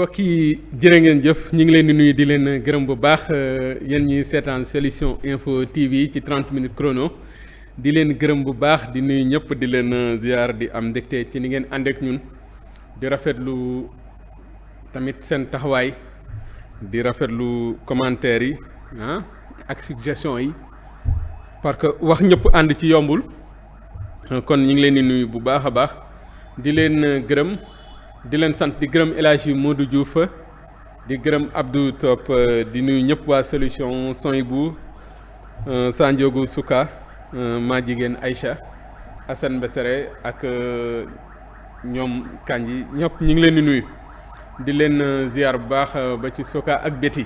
mbokk yi jërë ngeen jëf ñu ngi leen di nuyu di leen gërëm bu baax euh, yéen ñuy seetaan solution info TV ci 30 minutes chrono di leen gërëm bu baax di nuy ñëpp di leen ziar di am ndégte ci ni ngeen ànd ak ñun di rafet lu tamit seen taxawaay di rafetlu commentaires yi ah ak suggestion yi parce que wax ñëpp ànd ci yombul kon ñu ngi leen di nuyu bu baax a baax di leen gërëm. di leen sant di gërëm El Hadji Modou Diouf di gërëm Abdou Top euh, di nuyu ñëpp waa solution soy bu euh, Sanjogu Souka euh, maa jigéen Aïcha Assane Mbesere ak ñoom Kanji ñëpp ñu ngi leen di nuyu di leen ziar bu baax ba ci Souka ak Betty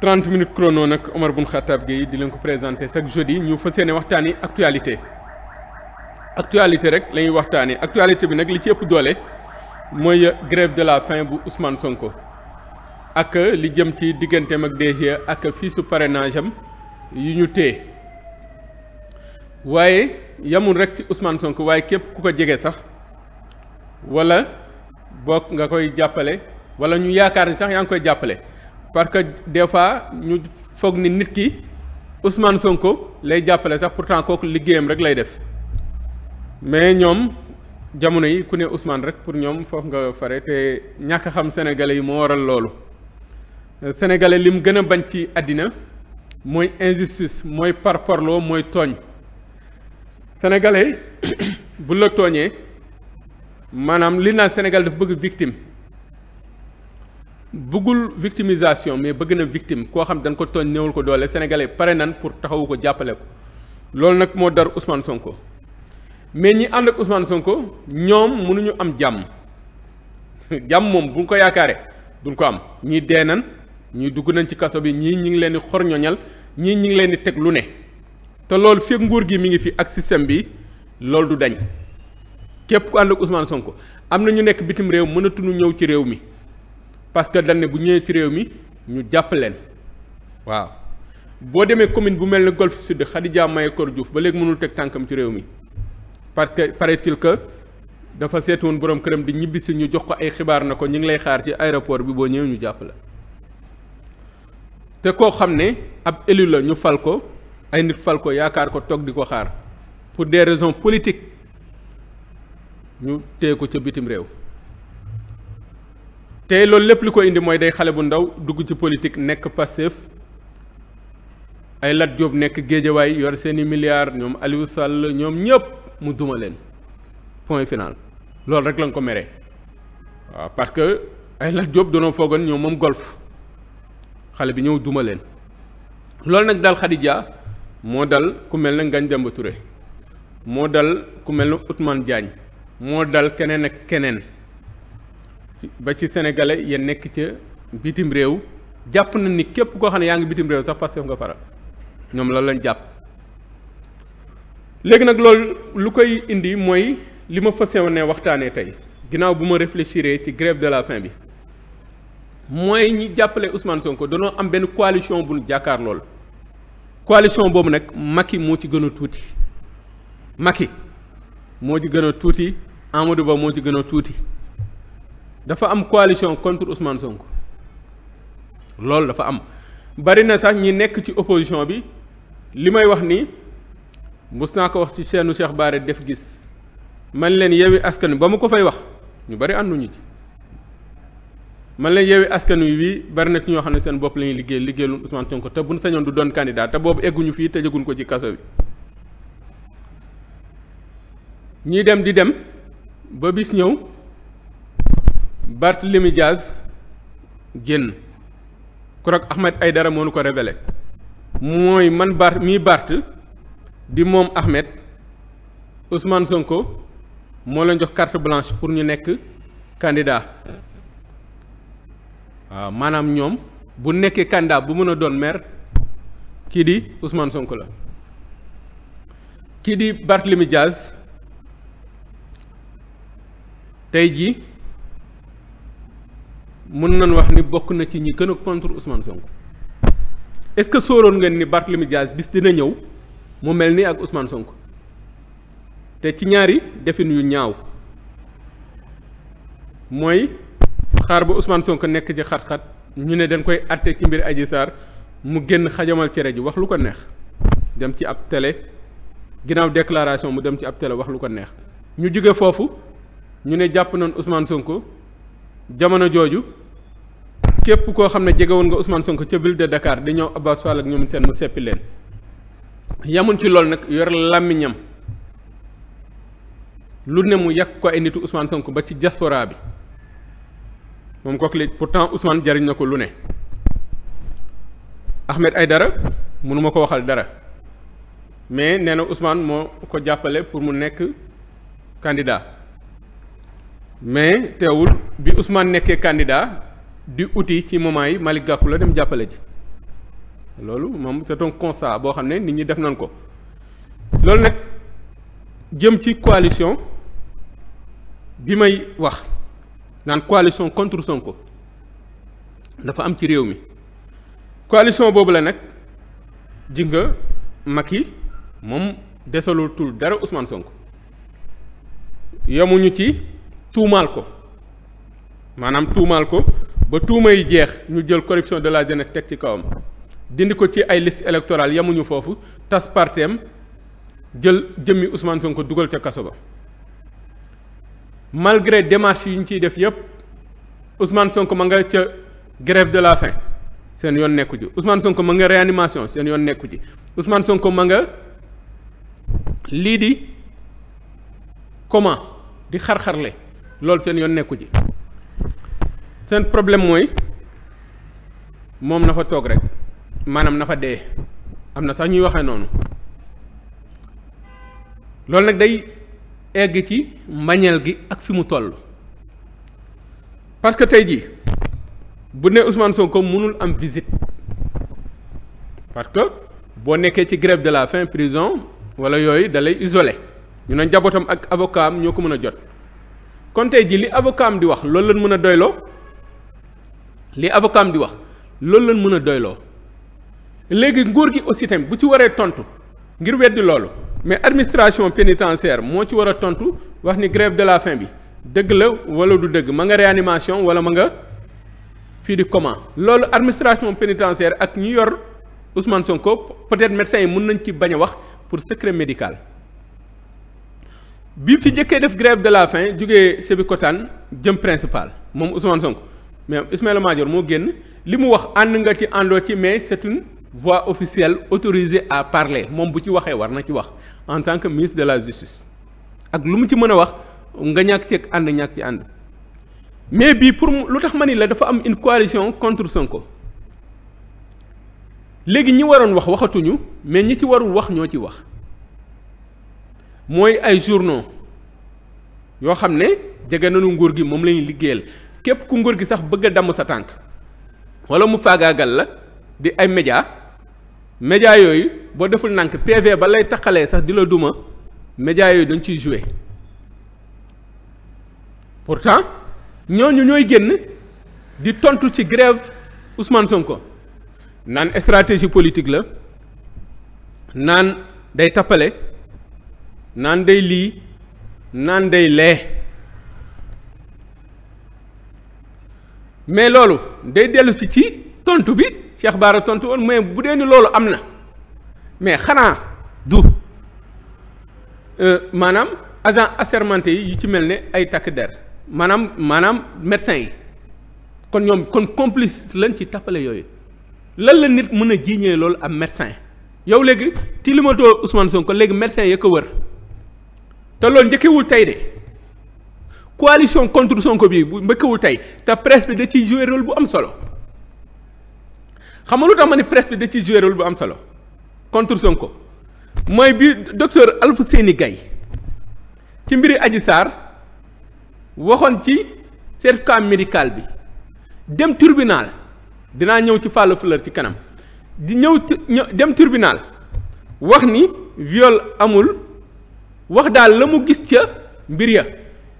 30 minutes chrono nag Omar Bun Khattab Gueye di leen ko présenté chaque jeudi ñu fas yéene waxtaani actualité actualité rek la ñuy waxtaanee actualité bi nag li ci ëpp doole. mooy grève de la fin bu Ousmane Sonko ak li jëm ci digganteem ak DG ak fii su parrainage am yu ñu téye waaye yamul rek ci usmaan Sonko waaye képp ku ko jege sax wala bokk nga koy jàppale wala ñu yaakaar ni sax yaa ngi koy jàppale parce que des fois ñu foog ni nit ki Ousmane Sonko lay jàppale sax pourtant kooku liggéeyam rek lay def mais ñoom. jamono yi ku ne Ousmane rek pour ñoom foofu nga fare te ñàkk a xam sénégalais yi moo waral loolu sénégalais li mu gën a bañ ci àddina mooy injustice mooy par parparloo mooy tooñ sénégalais bu la tooñee maanaam li naan Sénégal dafa bëgg victime bëggul victimisation mais bëgg na victime koo xam dañ ko tooñ néewul ko doole sénégalais pare nan pour taxawu ko jàppale ko loolu nag moo dar son ko mais ñi ànd ak Ousmane Sonko ñoom mënuñu am jàmm jàmm moom buñ ko yaakaaree duñ ko am ñii dee nañ ñii dugg nañ ci kaso bi ñii ñi ngi leen di xorñoñal ñii ñi ngi leen di teg lu ne te loolu fekk nguur gi mi ngi fi ak système bi loolu du dañ képp ku ànd ak Ousmane Sonko am na ñu nekk bitim réew mënatuñu ñëw ci réew mi parce que dañ ne bu ñëwee ci réew mi ñu jàpp leen waaw boo demee commune bu mel ne Golf Sud Khadija Mahécor Diouf ba léegi mënul teg tànkam ci réew mi. parce que paraît-il que dafa seetoon borom këram di ñibbisi ñu jox ko ay xibaar na ko ñu ngi lay xaar ci aéroport bi boo ñëwee ñu jàpp la te koo xam ne ab élu la ñu fal ko ay nit fal ko yaakaar ko toog di ko xaar pour de raisons politiques ñu téye ko ca bitim réew te loolu lépp li ko indi mooy day xale bu ndaw dugg ci politique nekk Pastef ay Lat Diop nekk Géejawaay yor seeni milliards ñoom Aliou Sall ñoom ñëpp mu duma leen point final loolu rek lañ ko meree waaw parce que ay Lat Diop doonoo foogoon ñoom moom golf xale bi ñëw duma leen loolu nag daal Khadija moo dal ku mel ne ngañ Demba moo dal ku mel ne Ousmane Diagne moo dal keneen ak keneen ba ci sénégalais ya nekk ca bitim réew jàpp na ni képp koo xam ne yaa ngi bitim réew sax Pastef nga faral ñoom la lañ jàpp léegi nag loolu lu koy indi mooy li ma fas ne waxtaanee tey ginnaaw bu ma réfléchir ci grève de la faim bi mooy ñi jàppale Ousmane Sonko danoo am benn coalition bu nu jàkkaar lool coalition boobu nag Macky moo ci gën a tuuti Macky moo ci gën a tuuti Amadou Ba moo ci gën a tuuti dafa am coalition contre Ousmane Sonko loolu dafa am bari na sax ñi nekk ci opposition bi li may wax nii mus naa ko wax ci seenu Cheikh Baare def gis man leen yewi askan wi ba mu ko fay wax ñu bari ànduñu ci man leen yewi askan wi bii bari na ci ñoo xam ne seen bopp la ñuy liggéey liggéeylu Ousmane Sonko te buñ sañoon du doon candidat te boobu egguñu fii te jëguñ ko ci kaso bi ñii dem di dem ba bis ñëw Barthélemy Diaz génn ku rek Ahmed Aydara moo nu ko révélé mooy man Bart mii Bart di moom Ahmed Ousmane Sonko moo leen jox carte blanche pour ñu nekk candidat waaw maanaam ñoom bu nekkee kàndaa bu mën a doon maire kii di Ousmane Sonko la kii di Barthélemy Diaz tey jii mën nañ wax ni bokk na ci ñi gën a contre Ousmane Sonko est-ce que sóoroon ngeen ni Barthélemy Diaz bis dina ñëw. mu mel ni ak usmaan Sonko te ci ñaari defin yu ñaaw mooy xaar ba Ousmane Sonko nekk ci xat-xat ñu ne dañ koy atte ci mbir Adji mu génn xajamal cere ji wax lu ko neex dem ci ab tele ginnaaw déclaration mu dem ci ab télé wax lu ko neex ñu jóge foofu ñu ne jàpp nañ usmaan Sonko jamono jooju képp koo xam ne jege woon nga Ousmane Sonko ca ville de Dakar di ñëw Abbas Fall ak ñoom seen mu seppi leen yamun ci loolu nag yor làmmiñam lu ne mu yàq ko ay nitu Ousmane ko ba ci diaspora bi moom kooku léegi pourtant Ousmane jariñ na ko lu ne ay dara mënuma ko waxal dara mais nee na Ousmane moo ko jàppale pour mu nekk candidat mais teewul bi Ousmane nekkee candidat di uti ci moment yi Malick Gakou la dem jàppale ji loolu moom c'est un constat boo xam ne nit ñi def nañ ko loolu nag jëm ci coalition bi may wax naan coalition contre Sonko dafa am ci réew mi coalition boobu la nag ji nga mag yi moom desalul tul dara Ousmane Sonko yemuñu ci tuumaal ko maanaam tuumaal ko ba tuumay jeex ñu jël corruption de la jeunesse teg ci kawam dindi ko ci ay liste électorale yamuñu foofu tas parteem jël jëmmi Ousmane Sonko dugal ca kaso ba malgré démarche yi ñu ciy def yépp Ousmane Sonko ma nga ca grève de la faim seen yoon nekku ji Ousmane Sonko ma nga réanimation seen yoon nekku ji Ousmane Sonko ma nga lii di comment di xarxarle xarle loolu seen yoon nekku ji seen problème mooy moom na fa toog rek maanaam na fa dee am na sax ñuy waxee noonu loolu nag day egg ci mbañeel gi ak fi mu toll parce que tey ji bu ne Ousmane Sonko mënul am visite parce que boo nekkee ci grève de la faim prison wala yooyu da lay isolé ñu ne njabootam ak avocat am ñoo ko mën a jot kon tey jii li avocat di wax loolu lañ mën a doyloo li avocat di wax loolu lañ mën a doyloo léegi nguur gi aussi tamit bu ci waree tontu ngir weddi loolu mais administration pénitentiaire moo ci war a tontu wax ni grève de la faim bi dëgg la wala du dëgg ma nga réanimation wala ma nga fii di comment loolu administration pénitentiaire ak ñu yor Ousmane Sonko peut-être médecins yi mën nañ ci bañ a wax pour secret médical bi fi jëkkee def grève de la faim jógee Sébikotane jëm principal moom Ousmane Sonko mais Ismaïla Madior moo génn li mu wax ànd nga ci àndoo ci mais c'est une voix officielle autorisée à parler moom bu ci waxee war na ci wax en tant que ministre de la justice ak lu mu ci mën a wax nga ñàkk ci ànd ñàkk ci ànd mais bii pour lu tax ma ni la dafa am une coalition contre ko léegi ñi waroon wax waxatuñu mais ñi ci warul wax ñoo ci wax mooy ay journaux yoo xam ne jege nañu nguur gi moom la ñuy liggéeyal képp ku nguur gi sax bëgg a damm sa tànk wala mu faagaagal la di ay médias média yooyu boo deful nank PV ba lay taqalee sax di duma média yooyu dañ ciy joué pourtant ñooñu ñooy génn di tontu ci grève son ko naan stratégie politique la naan day tappale naan day lii naan day lee mais loolu day dellusi ci tontu bi. Cheikh Baara tontu woon mais bu dee ni loolu am na mais xanaa du euh, maanaam agent assermenté yi yu ci mel ne ay takk der maanaam maanaam médecin yi kon ñoom kon complice lañ ci tappale yooyu lan la nit mën a jiiñee loolu am médecin yow léegi tilimatoo son Sonko léegi médecin ya ko wër te loolu njëkkewul tey de coalition contre Sonko bii bu mbëkkewul tey te presse bi da ciy jouer rôle bu am solo xam nga lu tax ma ni presse bi da ciy joué bu am solo contre Sonko mooy bi docteur Alfousseyni Gaye ci mbiri aji Sarr waxoon ci certificat médical bi dem tribunal dinaa ñëw ci Falla Fleur ci kanam di ñëw dem tribunal wax ni viol amul wax daal la mu gis ca mbir ya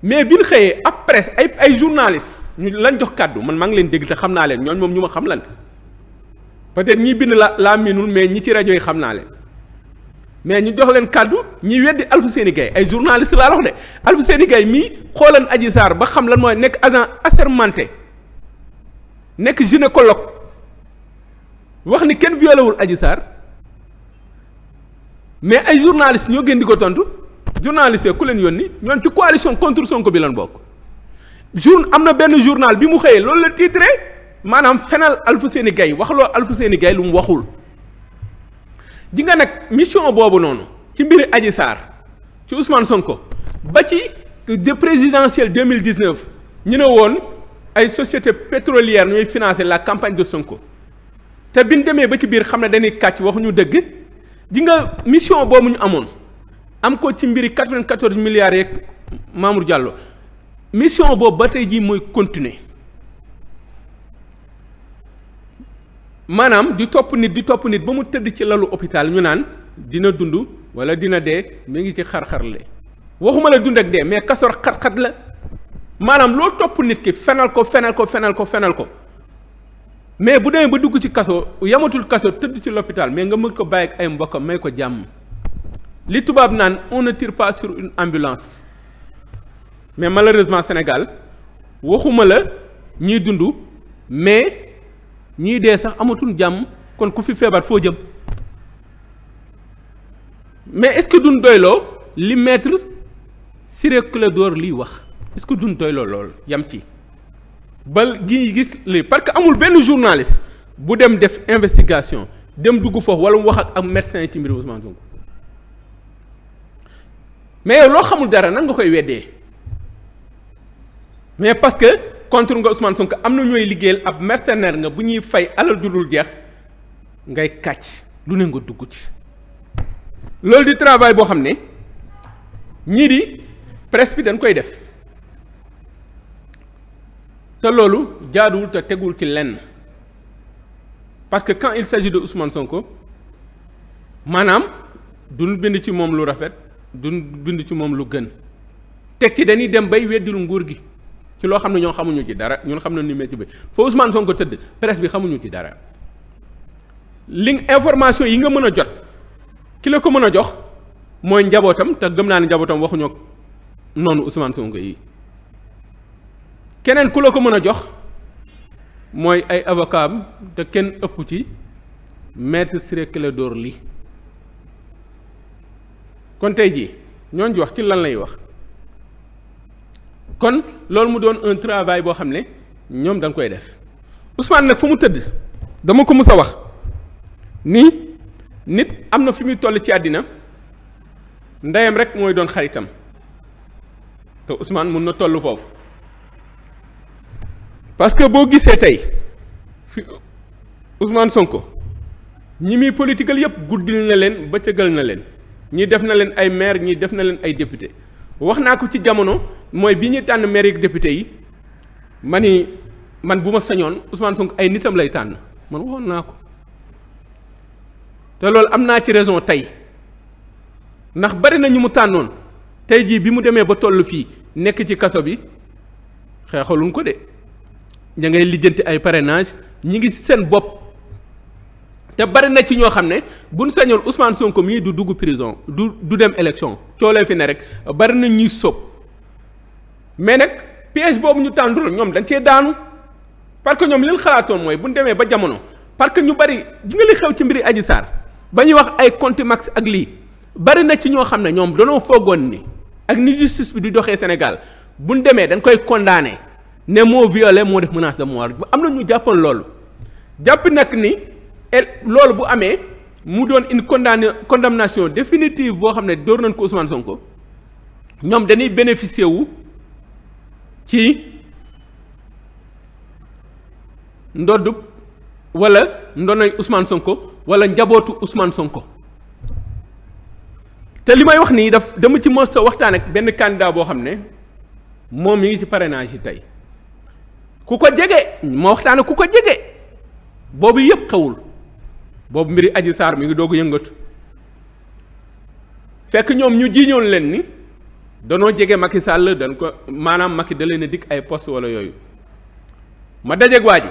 mais bi ñu xëyee ab presse ay ay journaliste ñu lañ jox kàddu man maa ngi leen dégg te xam naa leen ñooñ moom ñu ma xam lan peut-être ñi bind la laa miinul mais ñi ci rajo yi xam naa leen mais ñu jox leen kàddu ñi weddi Alfousseyni Gaye ay journaliste laa wax de seeni Gaye mii xoolan Adji Sarr ba xam lan mooy nekk agent assermenté nekk gynécologue wax ni kenn violewul Adji Sarr mais ay journaliste ñoo gën di ko tontu journaliste yi ku leen yónni ñoon ci coalition contre Sonko bi lan bokk jour am na benn journal bi mu xëyee loolu la titré maanaam fenal seeni Gaye waxloo Alfousseyni seeni lu mu waxul ji nga nag mission boobu noonu ci mbiri Adji Sarr ci Ousmane Sonko ba ci de présidentielle 2019 ñu ne woon ay société pétrolière ñuy financer la campagne de Sonko te biñ demee ba ci biir xam ne dañuy kàcc waxuñu dëgg ji nga mission boobu ñu amoon am ko ci mbiri 94 milliards yeeg Mamour Diallo mission boobu ba tey jii mooy continuer maanaam di topp nit di topp nit ba mu tëdd ci lalu hôpital ñu naan dina dund wala dina dee mi ngi ci xarxarle xarle waxuma la dund ak dee mais kasoor xat-xat la maanaam loo topp nit ki fenal ko fenal ko fenal ko fenal ko mais bu demee ba dugg ci kaso yamatul kaso tëdd ci l'hôpital mais nga mën ko bàyyi ak ay mbokkam may ko jàmm li tubaab naan on ne tire pas sur une ambulance mais malheureusement Sénégal waxuma la ñiy dund mais ñii dee sax amatul jàmm kon ku fi feebar foo jëm mais est-ce que duñ doyloo li maître Ciré Clédor liy wax est-ce que duñ doyloo lool yam ci ba gi gis li parce que amul benn journaliste bu dem def investigation dem dugg foofu wala mu wax ak am médecin ci mbir Ousmane Sonko mais yow loo xamul dara nan nga koy weddee mais parce contre nga Ousmane Sonko am na ñooy liggéeyal ab mercenaire nga bu ñuy fay alal dudul jeex ngay kàcc lu ne nga dugg ci loolu di travail boo xam ne ñii di presse bi dañ koy def te loolu jaaduwul te tegul ci lenn parce que quand il s'agit de Ousmane Sonko maanaam duñ bind ci moom lu rafet duñ bind ci moom lu gën teg ci dañuy dem bay weddil nguur gi ci loo xam ne ñoo xamuñu ci dara ñun xam na ni métier bi foo Ousmane Sonko tëdd presse bi xamuñu ci dara li information yi nga mën a jot ki la ko mën a jox mooy njabootam te gëm naa ne njabootam waxuñoo noonu Ousmane Sonko yi keneen ku la ko mën a jox mooy ay avocam te kenn ëpp ci maître Ciré Clédor Ly kon tey ji jii ñooñu wax ci lan lay wax. kon loolu mu doon un travail boo xam ne ñoom dañ koy def Ousmane nag fu mu tëdd dama ko mës a wax nii nit am na fi muy toll ci àddina ndeyam rek mooy doon xaritam te Ousmane mun na toll foofu parce que boo gisee tey fi Ousmane Sonko ñi muy politique yëpp guddil na leen bëccëgal na leen ñi def na leen ay maire ñi def na leen ay député wax naa ko ci jamono mooy bi ñuy tànn maire ak député yi ma ni man bu ma sañoon Ousmane Sonko ay nitam lay tànn man waxoon naa ko te loolu am naa ci raison tey ndax bari na ñu mu tànnoon tey jii bi mu demee ba toll fii nekk ci kaso bi xeexaluñ ko de ña ngay lijjanti ay parrainage ñi ngi seen bopp te bari na ci ñoo xam ne buñ sañoon Ousmane Sonko mii du dugg prison du du dem élection coolee fi ne rek bari na ñuy sóob mais nag piège boobu ñu tàndul ñoom dañ cee daanu parce que ñoom li xalaatoon mooy bu ñu demee ba jamono parce que ñu bari ji nga li xew ci mbiri Adji Sarr ba ñuy wax ay contumax ak lii bari na ci ñoo xam ne ñoom danoo foogoon ni ak ni justice bi di doxee Sénégal bu ñu demee dañ koy condamné ne moo violé moo def menace de mort am na ñu jàppoon loolu jàpp nag ni. loolu bu amee mu doon une condamn condamnation définitive boo xam ne dóor nañ ko Ousmane Sonko ñoom dañuy bénéficier wu ci ndoddub wala ndonay Ousmane Sonko wala njabootu Ousmane Sonko te li may wax nii daf dama ci mos sa waxtaan ak benn candidat boo xam ne moom mi ngi ci parrainage yi tey ku ko jege ma waxtaan ak ku ko jege boobu yëpp xewul boobu mbir mbiri Adji saar mi ngi doog yëngatu fekk ñoom ñu jiiñoon leen ni danoo jege Macky sàll dañ ko maanaam Macky da leen dikk ay post wala yooyu ma dajeeg waa ji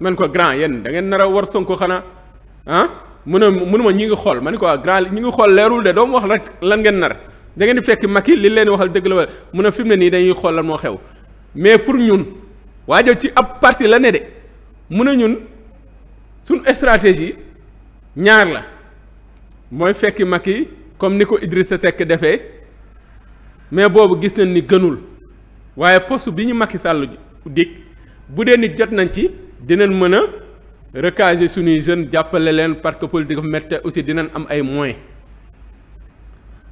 man ko grand yenn da ngeen nar a war Sonko xanaa ah mu ne mënuma ñi ngi xool ma ne ko grand ñu ngi xool leerul de doomu wax rek lan ngeen nar dangeen ngeen di fekk Macky li leen waxal dëgg la wala mu a fi mu ne nii dañuy xool lan moo xew mais pour ñun waa jo ci ab parti la ne de mu ne ñun sunu stratégie ñaar la mooy fekki Macky comme ni ko sa Seck defee mais boobu gis nañ ni gënul waaye poste bi ñu Macky Sall dig bu dee nit jot nañ ci dinañ mën a recaser suñuy jeunes jàppale leen parce que politique bu métti aussi dinañ am ay moyens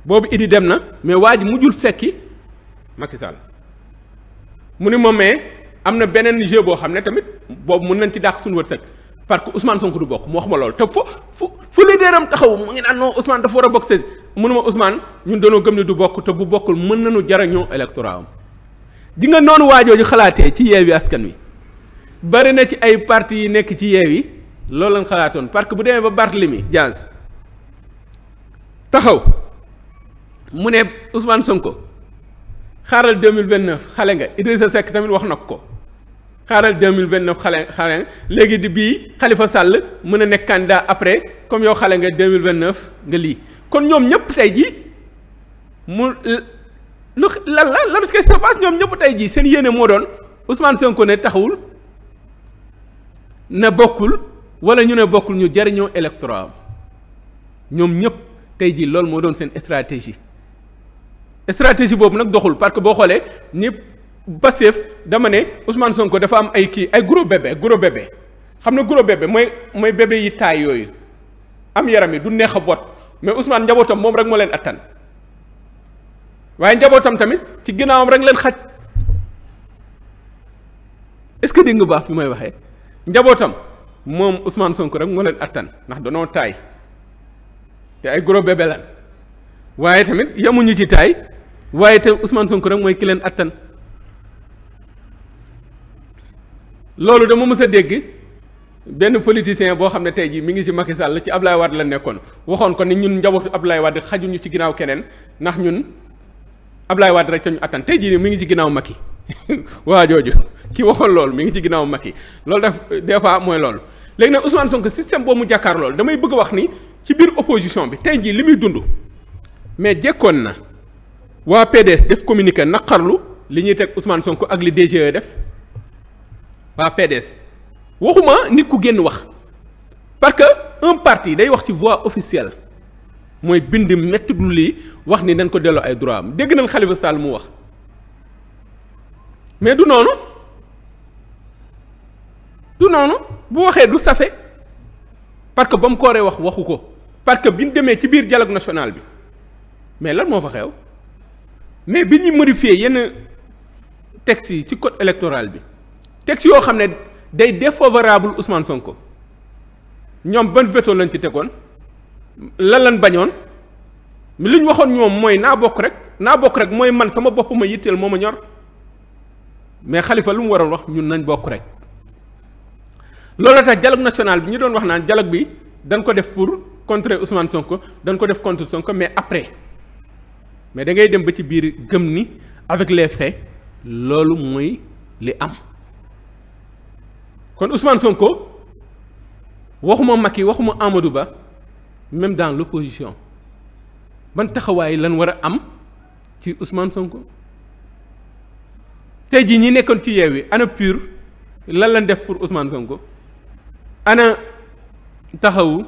boobu Idi dem na mais waa ji mujjul fekki Macky Sall mu ne moom mais am na beneen jeu boo xam ne tamit boobu mën nañ ci dàq suñu wërsëg. parce que Ousmane Sonko du bokk mu wax ma loolu te fu fu fu leaderam taxaw mu ngi naan non Ousmane dafa war a bokk mënuma Ousmane ñun dañoo gëm ne du bokk te bu bokkul mën nañu jarañoo électorat am di nga noonu waajooju xalaatee ci yeewi askan wi bari na ci ay parti yi nekk ci yeew yi loolu lañ xalaatoon parce que bu demee ba Barthélemy Dias taxaw mu ne Ousmane Sonko xaaral 2029 xale nga Idrissa Seck tamit wax na ko. xaaral mille vingt neuf xale xale léegi di bii Khalifa sàll mën a nekk candidat après comme yow xale nga deux mille vingt neuf nga lii kon ñoom ñëpp tey ji mu lu lan la lan quest ñoom ñëpp tey jii seen yéene moo doon Ousmane Sonko ne taxawul ne bokkul wala ñu ne bokkul ñu jariñoo électorat ñoom ñëpp tey jii loolu moo doon seen stratégie stratégie boobu nag doxul parce que boo xoolee ñëpp. Pastef dama ne Ousmane Sonko dafa am ay kii ay gros bébé gros bébé xam na gros bébé mooy mooy bébé yi taay yooyu am yaram yi du neex a boot mais Ousmane njabootam moom rek moo leen attan waaye njabootam tamit ci ginnaawam rek leen xaj est-ce que dégg baax fi may waxee njabootam moom Ousmane Sonko rek moo leen attan ndax danoo taay te ay gros bébé lan waaye tamit yemuñu ci taay waaye te usmaan Sonko rek mooy ki leen attan. loolu dama mës dégg benn politicien boo xam ne tey jii mi ngi ci Macky Sall ci Ablaye Wade la nekkoon waxoon ko ni ñun njabootu Ablaye Wade xajuñu ci ginnaaw keneen ndax ñun Ablaye Wade rek ca ñu attan tey jii nii mi ngi ci ginnaaw Macky waa jooju ki waxoon loolu mi ngi ci ginnaaw Macky loolu def des fois mooy loolu. léegi nag Ousmane sonk système boobu mu jàkkaar loolu damay bëgg wax ni ci biir opposition bi tey jii li muy dund mais jekkoon na waa PDS def communiqué naqarlu li ñuy teg Ousmane Sonko ak li e def. waa PDS waxuma nit ku génn wax parce que un parti day wax ci voix officielle mooy bind métti du lii wax ni dañ ko delloo ay droit am dégg nañ Khalifa Sall mu wax mais du noonu du noonu bu waxee du safe parce que ba mu kooree wax waxu ko parce que bi ñu demee ci biir dialogue national bi mais lan moo fa xew mais bi ñuy modifier yenn textes yi ci code électoral bi. teg texte yoo xam ne day défavorable Ousmane Sonko ñoom ban veto lañ ci tegoon lan lañ bañoon li ñu waxoon ñoom mooy naa bokk rek naa bokk rek mooy man sama bopp ma yitteel moo ma ñor mais xalifa lu mu waroon wax ñun nañ bokk rek loolu tax dialogue national bi ñu doon wax naan dialogue bi danga ko def pour contrer Ousmane Sonko dañ ko def contre Sonko mais après mais da ngay dem ba ci biir gëm ni avec les faits loolu mooy li am. kon Ousmane Sonko waxuma yi waxuma Amadou Ba même dans l'opposition ban taxawaay lan war a am ci Ousmane Sonko tey jii ñi nekkoon ci Yewwi ana pur lan lan def pour Ousmane Sonko ana taxawu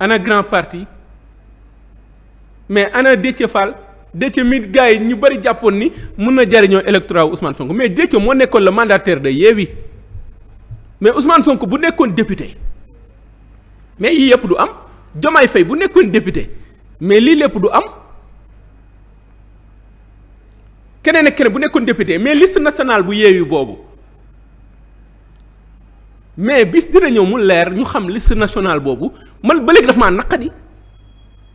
ana grand parti mais ana Déthié Fall Déthié mi gars yi ñu bari jàppoon ni mun na jariñoo électorat wu Ousmane Sonko mais Déthié moo nekkoon la mandataire de Yewwi mais Ousmane Sonko bu nekkoon député mais yii yëpp du am Diomaye fay bu nekkoon député mais lii lépp du am keneen ak keneen bu nekkoon député mais list national bu yeeyu boobu mais bis dina ñëw mu leer ñu xam list national boobu man ba léegi dafa naqadi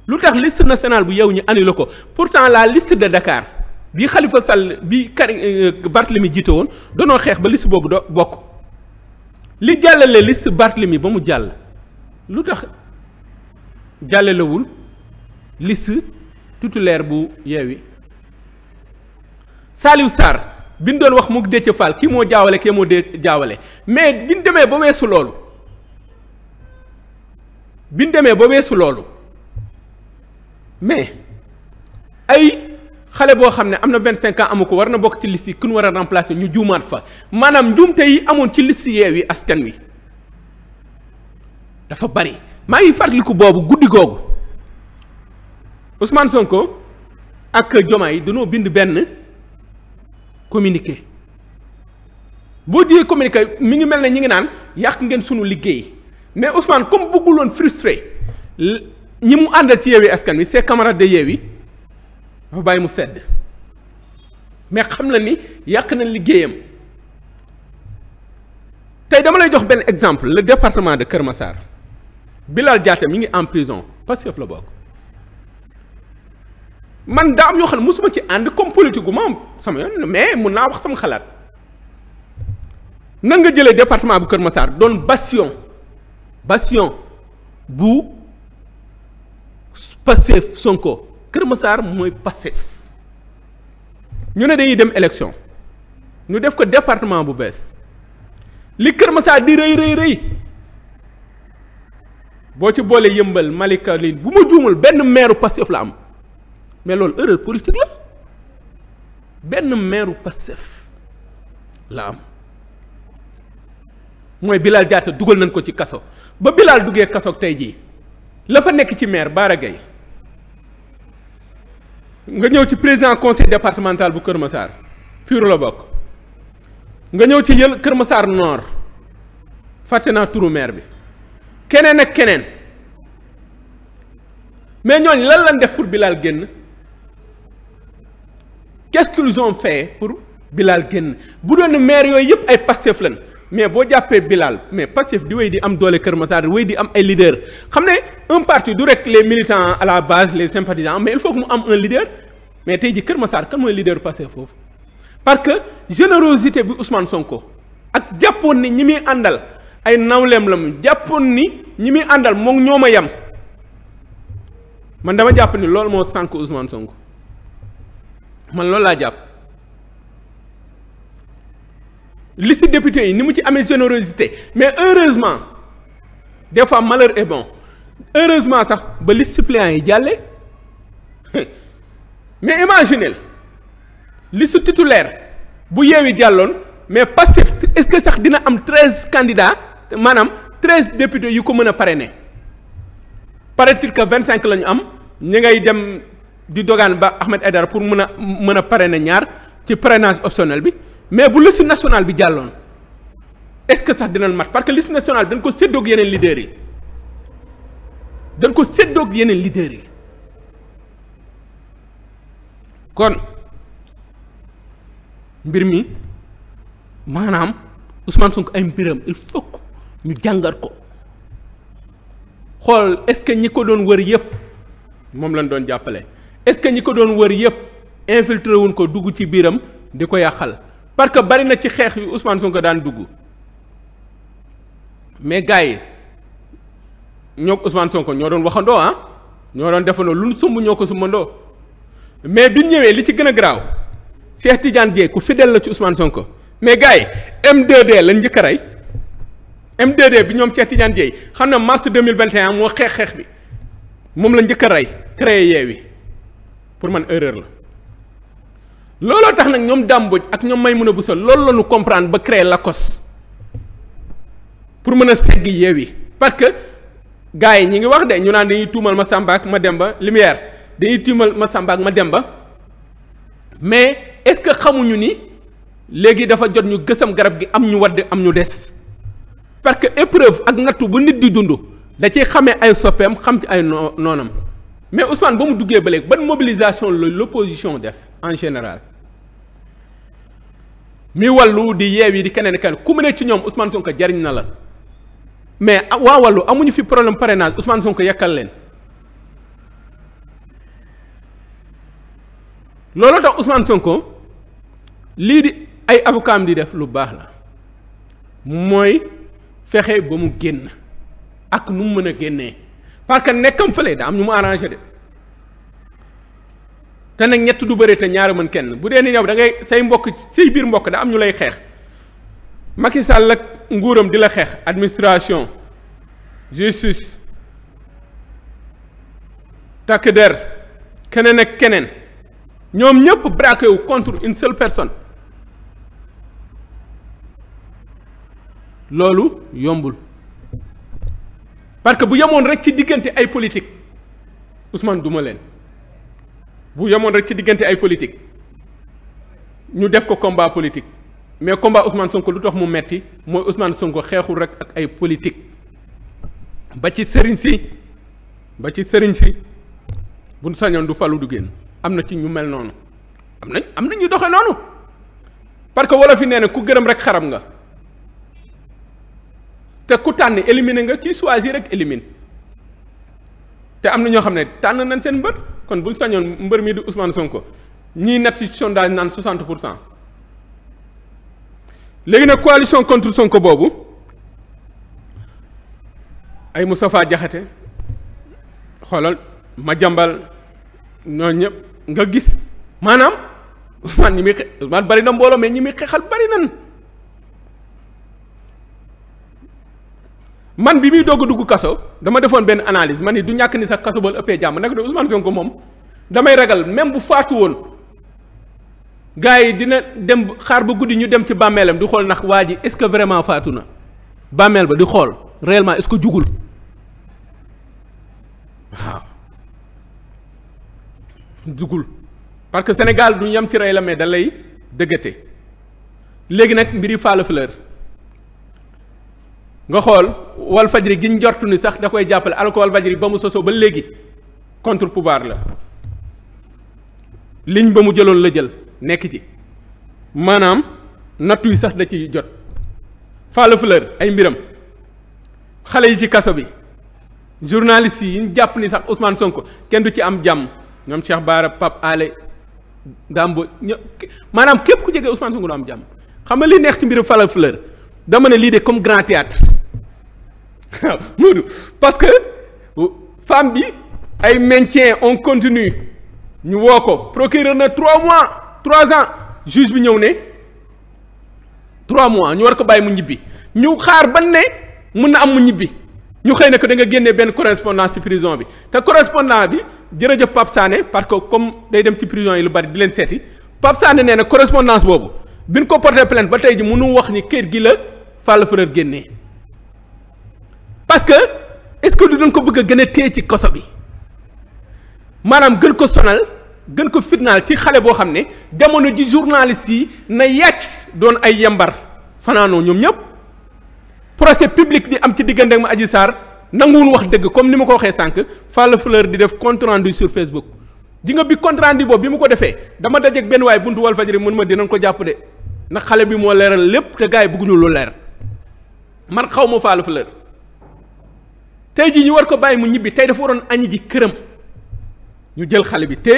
lu tax liste national bu yeewu ñu annulé ko pourtant la liste de Dakar bi Khalifa Sall bi Karim euh, Barthélemy jiite woon danoo xeex ba liste boobu do bokk. li jàllale liste Barthélemy ba mu jàll lu tax jàllalewul liste titulaire bu Yewwi Saliou Sarr bi doon wax mu Déthié Fall kii moo jaawale kii moo dee jaawale mais bi demee ba weesu loolu bi demee ba weesu loolu mais ay xale boo xam ne am na vingt cinq ans amu ko war na bokk ci liste yi ku war a remplacer ñu juumaat fa maanaam njuumte yi amoon ci liste Yewwi Askan Wi dafa bari maa ngi fàttaliku boobu guddi googu Ousmane Sonko ak Diomaye dañoo bind benn communiqué boo jiyee communiqué mi ngi mel ne ñi ngi naan yàq ngeen sunu liggéey mais Ousmane comme bëgguloon frustré ñi mu àndal ci Yewwi Askan Wi ses camarades de Yewwi dafa bàyyi mu sedd mais xam na ni yàq na liggéeyam tey dama lay jox benn exemple le département de Kër Massar Bilal Diatta mi ngi en prison Pastef la bokk man daa am yoo xam ne mosuma ci ànd comme politique gu moom sama yoon mais mun naa wax sama xalaat nan nga jëlee département bu Kër Massar doon bastion bastion bu Pastef Sonko Kër Massar mooy Pastef ñu ne dañuy dem élection ñu def ko département bu bees li Kër Massar di rëy rëy rëy boo ci boole yëmbal Malika li bu ma juumul benn maire Pastef la am mais loolu erreur politique la benn maire Pastef la am mooy Bilal Diatta dugal nañ ko ci kaso ba Bilal duggee kaso tey jii la fa nekk ci maire Bara Gaye nga ñëw ci président conseil départemental bu Kër Massar Pur la bokk nga ñëw ci yël Kër Massar noor fàtte naa turu maire bi keneen ak keneen mais ñooñ lan lañ def pour bilaal génn qu'est-ce qu'ils fait pour Bilal génn bu doon maire yooyu yëpp ay Pastef lañ mais boo jàppee Bilal mais Pastef di wéy di am doole Kër Massar wéy di am ay leader xam ne un parti du rek les militants à la base les sympathisants mais il faut que mu am un leader mais tey ji Kër Massar kan mooy leader Pastef foofu parce que générosité bi Ousmane Sonko ak jàppoon ni ñi muy àndal ay nawleem la mu jàppoon ni ñi muy àndal moom ñoo ma yem man dama jàpp ni loolu moo sànk Ousmane Sonko man loolu laa jàpp. liste député yi ni mu ci amee générosité mais heureusement des fois malheur est bon heureusement sax ba liste suppléants yi jàlle mais imaginez liste titulaire bu yeewi jàlloon mais Pastef est-ce que sax dina am treize candidats maanaam treize députés yu ko mën a pare ne il que vingt cinq la ñu am ñi ngay dem di dogaan ba Ahmed Aidara pour mën a mën a pare na ñaar ci parrainage optionnel bi mais bu liste national bi jàlloon est-ce que sax dinañ mat parce que liste nationale dañ ko séddoog yeneen leaders yi dañ ko séddoog yeneen leaders yi kon mbir mi maanaam Ousmane Sonko ay mbiram il faut ñu jàngat ko xool est-ce que ñi ko doon wër yépp moom lañ doon jàppale est-ce que ñi ko doon wër yépp infiltré wuñ ko dugg ci biiram di ko yàqal parce que bari na ci xeex yu Ousmane Sonko daan dugg mais gars yi ñoo Ousmane Sonko ñoo doon waxandoo ah ñoo doon defandoo lu nu sumb ñoo ko sumbandoo mais bi ñëwee li ci gën a garaaw Cheikh Tidiane Dièye ku fidèle la ci Ousmane Sonko mais gars yi m la d lañ njëkk a rey m bi ñoom Cheikh Tidiane Dièye xam na mars 2021 moo xeex xeex bi moom la njëkk a rey créé Yewwi pour man erreur la. looloo tax nag ñoom Dame ak ñoom may Maimouna Bousso loolu la ñu comprendre ba créer Lacoste pour mën a segg Yewwi parce que gars yi ñi ngi wax de ñu naan dañuy tuumal ma Samba ma dem ba lumière dañuy tuumal ma Samba ma dem ba mais est-ce que xamuñu ni léegi dafa jot ñu gësam garab gi am ñu wadd am ñu des parce que épreuve ak nattu bu nit di dund da ciy xamee ay soppeem xam ci ay noonam mais Ousmane ba mu duggee ba léegi ban mobilisation la l'opposition def. en général mi wàllu di yeew yi di keneen keneen ku mu ne ci ñoom Ousmane Sonko jariñ na la mais waa wàllu amuñu fi problème parrainage Ousmane Sonko yekkal leen loolu tax Ousmane Sonko lii di ay avocat di def lu baax la mooy fexe ba mu génn ak nu mu mën a génnee parce que nekkam fële daa am ñu mu arrangé de. te nag ñett du bëre te ñaar mën kenn bu dee ni yaw dangay say mbokk say biir mbokk da am ñu lay xeex Macky Sall ak nguuram di la xeex administration justice takk der keneen ak keneen ñoom ñëpp braqué wu contre une seule personne loolu yombul parce que bu yemoon rek ci diggante ay politique usman duma leen. bu yemoon rek ci diggante ay politique ñu def ko combat politique mais combat Ousmane Sonko lu dox mu metti mooy Ousmane Sonko xeexul rek ak ay politique ba ci sëriñ si ba ci sëriñ si bu sañoon du falu du génn am na ci ñu mel noonu am nañ am na ñu doxe noonu parce que wolof fi nee na ku gërëm rek xaram nga te ku tànn éliminer nga kii choisir rek élimine te am na ñoo xam ne tànn nañ seen mbët kon buñ sañoon mbër mi di Ousmane Sonko ñiy nat ci sondage naan 60 pour cent léegi nag coalition contre Sonko boobu ay Moustapha Diakhaté xoolal ma jàmbal ñooñu ñëpp nga gis maanaam man ñi muy xe man bari na mbooloo mais ñi muy xeexal bari nan man bi muy doog dugg kaso dama defoon benn analyse man ni du ñàkk ni sax kaso ba ëppee jàmm naka de Ousmane Sonko moom damay ragal même bu faatu woon gars yi dina dem xaar ba guddi ñu dem ci bàmmeelam di xool ndax waa ji est-ce que vraiment faatu na bàmmeel ba di xool réellement est jugul waaw jugul parce que Sénégal du yem ci rey la mais da lay dëggate léegi nag mbiri Falla Fleur nga xool wal fajri giñ jortu ni sax da koy jàppale alko wal fajri ba mu sosoo ba léegi contre pouvoir la liñ ba mu jëloon la jël nekk ci maanaam nattu yi sax da ci jot Falla Fleur ay mbiram xale yi ci kaso bi journaliste yi ñu jàpp ni sax Ousmane Sonko kenn du ci am jàmm ñoom Cheikh Bara Pape ale Dambo ñë maanaam képp ku jege Ousmane Sonko du am jàmm xam nga li neex ci mbiram Falla Fleur dama ne lii de comme grand théâtre waaw Moodu parce que femme bi ay maintien on continue ñu woo ko procureur na trois mois trois ans juge bi ñëw ne trois mois ñu war ko bàyyi mu ñibbi ñu xaar ban ne mun na am mu ñibbi ñu xëy na que da nga génnee benn correspondance ci prison bi te correspondant bi jërëjëf Pape Sané parce que comme day dem ci prison yi lu bari di leen seeti Pape Sané nee na correspondance boobu bi ñu ko porté plainte ba tey ji mënu wax ni kër gi la Falla Fleur génnee parce que est-ce que du doon ko bëgg a gën a téye ci koso bi maanaam gën ko sonal gën ko fitnaal ci xale boo xam ne jamono ji journaliste yi na yàcc doon ay yambar fanaanoo ñoom ñëpp procès public di am ci diggante ak ma Adji wu nanguwul wax dëgg comme ni ma ko waxee sànq Falla Fleur di def compte rendu sur Facebook ji nga bi compte rendu boobu bi mu ko defee dama dajeeg benn waay buntu Walfadjri mën ma dinañ ko jàpp de ndax xale bi moo leeral lépp te gars yi bëgguñu lu leer man xaw ma Falla Fleur tey jii ñu war ko bàyyi mu ñibbi tey dafa waroon añi ji këram ñu jël xale bi te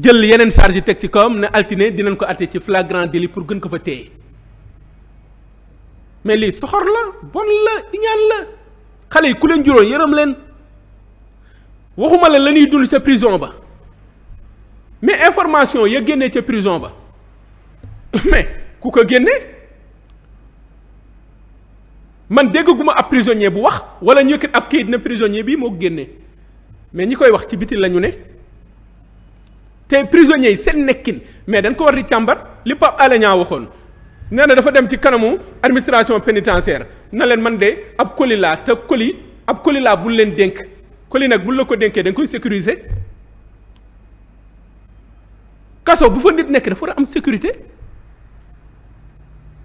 jël yeneen charge teg ci kawam ne altine dinañ ko atte ci flagrant délit pour gën ko fa tey mais lii soxor la bon la iñaan la xale yi ku leen juróon yërëm leen waxuma la la ñuy dund ca prison ba mais information ya génnee ca prison ba mais ku ko génne man déggaguma ab prisonnier bu wax wala ñu yëkkat ab kayit na prisonnier bi moo génnee mais ñi koy wax ci biti la ñu ne te prisonniers yi seen nekkin mais dañ ko war di càmbar li Pape Alé waxoon nee na dafa dem ci kanamu administration pénitentiaire na leen man de ab coli laa te coli ab coli laa bul leen dénk coli nag bul la ko dénkee dañ koy sécuriser kaso bu fa nit nekk dafa war a am sécurité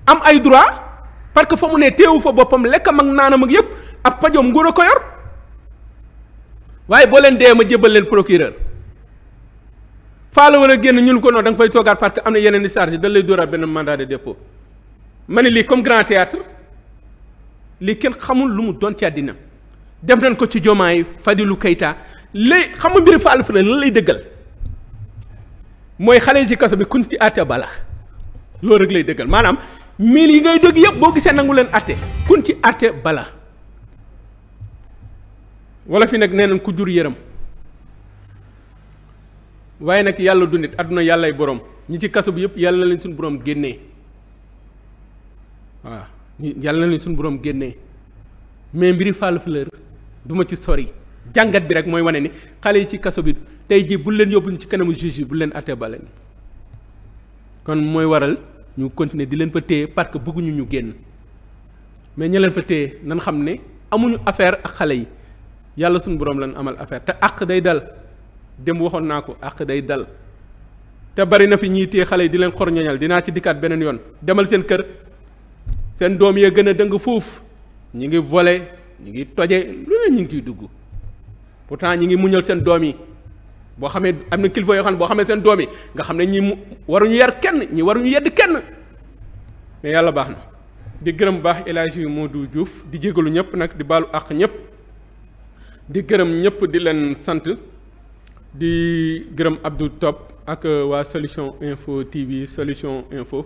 am ay droit parce que fa mu ne teewu fa boppam lekkam ak naanam ak yëpp ab pajom nguur a ko yor waaye boo leen dee ma jébal leen procureur faa la war a génn ñun ko noonu da nga fay toogaat parce que am na yeneen i charge dañ lay dóoraat benn mandat de dépôt ma ne lii comme grand théâtre lii kenn xamul lu mu doon ci àddina def nañ ko ci Diomaye Fadilou Keita lay xam nga mbiri Fallou Fillane lan lay dëggal mooy xale yi ci kaso bi kuñ ci àtte bala loolu rek lay dëggal maanaam mil yi ngay dégg yëpp boo gisee nangu leen atte kun ci atte bala wala fi nag nee nañ ku jur yërëm waaye nag yàlla du nit àdduna yàllay borom ñi ci kaso bi yëpp yàlla na leen suñu borom génnee waaw yàlla na leen suñu borom génnee mais mbiri Falla Fleur du ma ci sori jàngat bi rek mooy wane ni xale yi ci kaso bi tey jii bul leen yóbbuñ ci kanamu juge yi bu leen atte bala kon mooy waral. ñu continuer di leen fa téye parce que bëgguñu ñu génn mais ña leen fa téye nan xam ne amuñu affaire ak xale yi yàlla suñu borom lañ amal affaire te àq day dal dem waxoon naa ko àq day dal te bari na fi ñiy téye xale yi di leen xor ñañal dinaa ci dikkaat beneen yoon demal seen kër seen doom yee gën a dëng foofu ñi ngi volé ñi ngi toje lu ne ñi ngi ciy dugg pourtant ñi ngi muñal seen doom yi boo xamee am na kilifa yoo xam ne boo xamee seen doom yi nga xam ne ñi waruñu yar kenn ñi waruñu yedd kenn mais yàlla baax na di gërëm baax El moo du Diouf di jégalu ñëpp nag di baalu àq ñëpp di gërëm ñëpp di leen sant di gërëm abdu Top ak euh, waa solution info TV solution info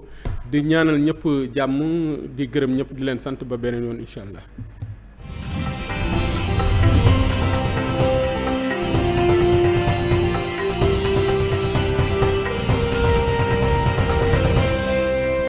di ñaanal ñëpp jàmm di gërëm ñëpp di leen sant ba beneen yoon incha allah.